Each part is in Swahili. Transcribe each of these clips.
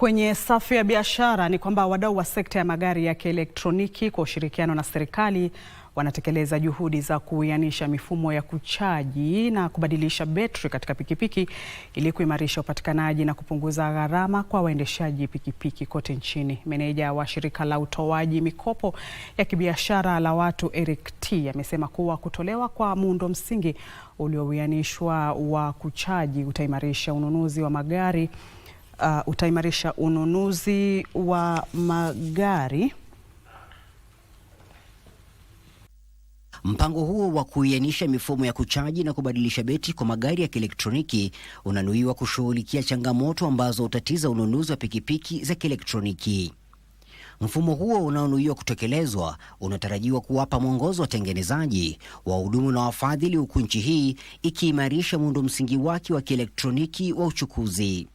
Kwenye safu ya biashara ni kwamba wadau wa sekta ya magari ya kielektroniki kwa ushirikiano na serikali wanatekeleza juhudi za kuwianisha mifumo ya kuchaji na kubadilisha betri katika pikipiki ili kuimarisha upatikanaji na kupunguza gharama kwa waendeshaji pikipiki kote nchini. Meneja wa shirika la utoaji mikopo ya kibiashara la watu Eric T amesema kuwa kutolewa kwa muundo msingi uliowianishwa wa kuchaji utaimarisha ununuzi wa magari uh, utaimarisha ununuzi wa magari. Mpango huo wa kuianisha mifumo ya kuchaji na kubadilisha beti kwa magari ya kielektroniki unanuiwa kushughulikia changamoto ambazo hutatiza ununuzi wa pikipiki za kielektroniki. Mfumo huo unaonuiwa kutekelezwa unatarajiwa kuwapa mwongozo watengenezaji, wahudumu na wafadhili, huku nchi hii ikiimarisha muundo msingi wake wa kielektroniki wa uchukuzi.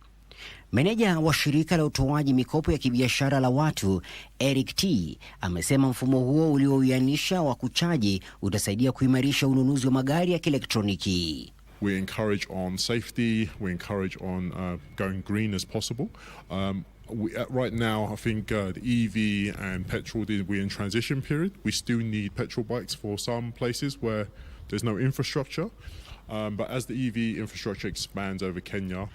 Meneja wa shirika la utoaji mikopo ya kibiashara la Watu, Eric T, amesema mfumo huo uliouianisha wa kuchaji utasaidia kuimarisha ununuzi wa magari ya kielektroniki. We encourage on safety, we encourage on uh, going green as possible. Um, we, uh, right now I think uh, the EV and petrol, we're in transition period. We still need petrol bikes for some places where there's no infrastructure. Um, but as the EV infrastructure expands over Kenya,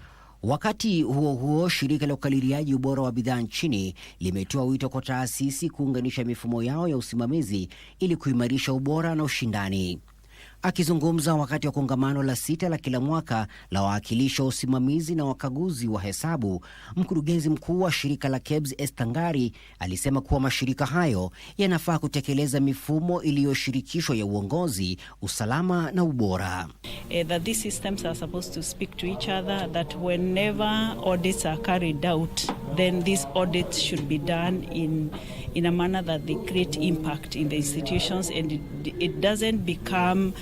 Wakati huo huo, shirika la ukaliliaji ubora wa bidhaa nchini limetoa wito kwa taasisi kuunganisha mifumo yao ya usimamizi ili kuimarisha ubora na ushindani. Akizungumza wakati wa kongamano la sita la kila mwaka la wawakilishi wa usimamizi na wakaguzi wa hesabu, mkurugenzi mkuu wa shirika la KEBS Estangari alisema kuwa mashirika hayo yanafaa kutekeleza mifumo iliyoshirikishwa ya uongozi, usalama na ubora. Uh, then these audits should be done in in a manner that they create impact in the institutions and it, it doesn't become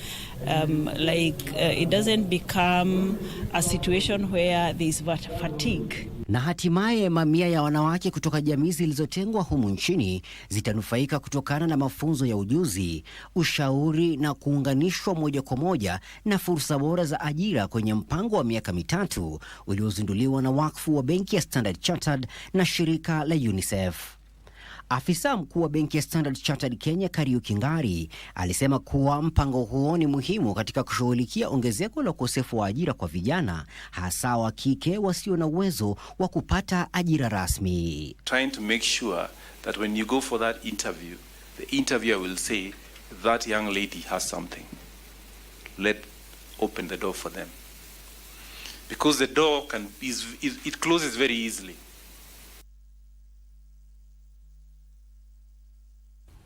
um, like uh, it doesn't become a situation where there is fatigue Na hatimaye mamia ya wanawake kutoka jamii zilizotengwa humu nchini zitanufaika kutokana na mafunzo ya ujuzi, ushauri na kuunganishwa moja kwa moja na fursa bora za ajira kwenye mpango wa miaka mitatu uliozinduliwa na wakfu wa benki ya Standard Chartered na shirika la UNICEF. Afisa mkuu wa benki ya Standard Chartered Kenya Kariuki Ngari alisema kuwa mpango huo ni muhimu katika kushughulikia ongezeko la ukosefu wa ajira kwa vijana hasa wa kike wasio na uwezo wa kupata ajira rasmi. Trying to make sure that when you go for that interview, the interviewer will say that young lady has something. Let open the door for them. Because the door can is, is, it closes very easily.